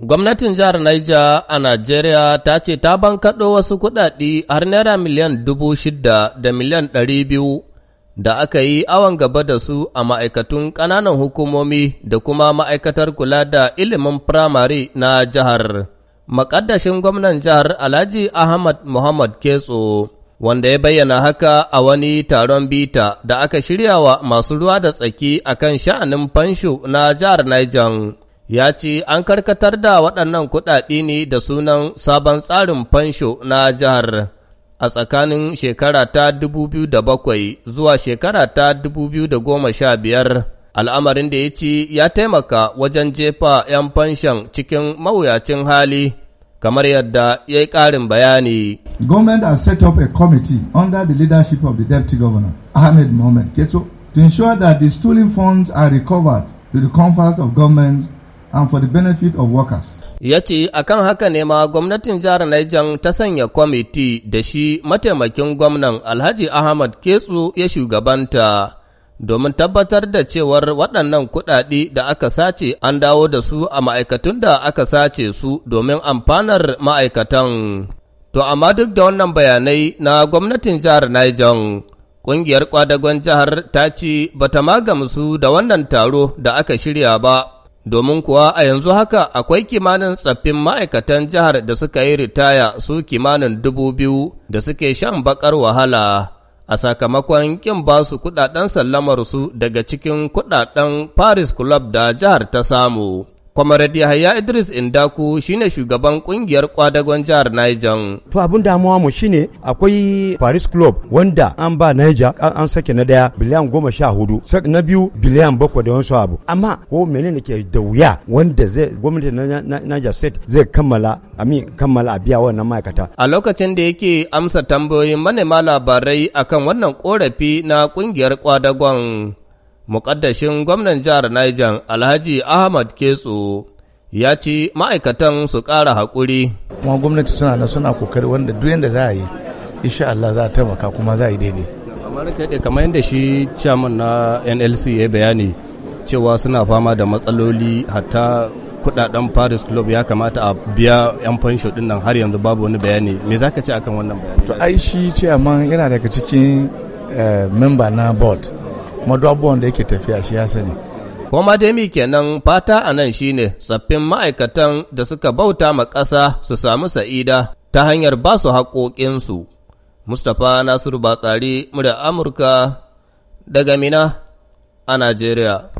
Gwamnatin jihar Niger a Najeriya ta ce ta bankaɗo wasu kuɗaɗe har naira miliyan dubu shida da miliyan ɗari biyu da aka yi awon gaba da su a ma'aikatun ƙananan hukumomi da kuma ma'aikatar kula da ilimin firamare na jihar. Makaddashin gwamnan jihar Alhaji Ahmad Muhammad Ketso, wanda ya bayyana haka a wani taron bita da aka shirya wa masu ruwa da tsaki akan sha'anin fansho na jihar Niger. ya ce an karkatar da waɗannan kuɗaɗe ne da sunan sabon tsarin fansho na jihar a tsakanin shekara ta 2007 zuwa shekara ta 2015 al'amarin da ya ce ya taimaka wajen jefa 'yan fanshon cikin mawuyacin hali kamar yadda ya yi ƙarin bayani. Government has set up a committee under the leadership of the Deputy Governor, Ahmed Mohamed Keto, to ensure that the stolen funds are recovered to the comfort of government and for the benefit of workers. Ya ce a kan haka ne ma gwamnatin jihar Niger ta sanya kwamiti da shi mataimakin gwamnan Alhaji Ahmad Ketsu ya shugabanta domin tabbatar da cewar waɗannan kuɗaɗe da aka sace an dawo da su a ma'aikatun da aka sace su domin amfanar ma'aikatan. To amma duk da wannan bayanai na gwamnatin jihar Niger. Ƙungiyar kwadagon jihar ta ce bata magamsu da wannan taro da aka shirya ba domin kuwa a yanzu haka akwai kimanin tsaffin ma'aikatan jihar da suka yi ritaya su kimanin dubu biyu da suke shan bakar wahala a sakamakon kin ba su kudaden su daga cikin kudaden Paris Club da jihar ta samu. Kwamarad Yahaya Idris Indaku shine shugaban kungiyar kwadagon jihar Niger. To abin damuwa mu shine akwai Paris Club wanda an ba Niger an sake na daya biliyan goma sha hudu na biyu biliyan bakwai da wasu abu amma ko menene ke da wuya wanda zai gwamnati na Niger State zai kammala mi kammala a biya wannan ma'aikata. A lokacin da yake amsa tambayoyin manema labarai akan wannan korafi na kungiyar kwadagon Muƙaddashin gwamnan jihar Niger Alhaji Ahmad Ketso ya ci ma'aikatan su ƙara haƙuri. Kuma gwamnati suna na suna kokari wanda duk yadda za a yi, insha Allah za a taimaka kuma za a yi daidai. Kamar kaɗe kamar yadda shi chairman na NLC ya bayani cewa suna fama da matsaloli hatta kudaden Paris Club ya kamata a biya 'yan fansho din nan har yanzu babu wani bayani. Me za ka ce akan wannan bayani? To ai shi chairman yana daga cikin eh, memba na board. kuma duk abubuwan da yake tafiya shi ya sani Koma demi kenan fata a nan shine sabbin ma'aikatan da suka bauta ma ƙasa su samu sa'ida ta hanyar ba su haƙoƙinsu. Mustapha Nasiru Batsari, murya Amurka daga Mina a Najeriya.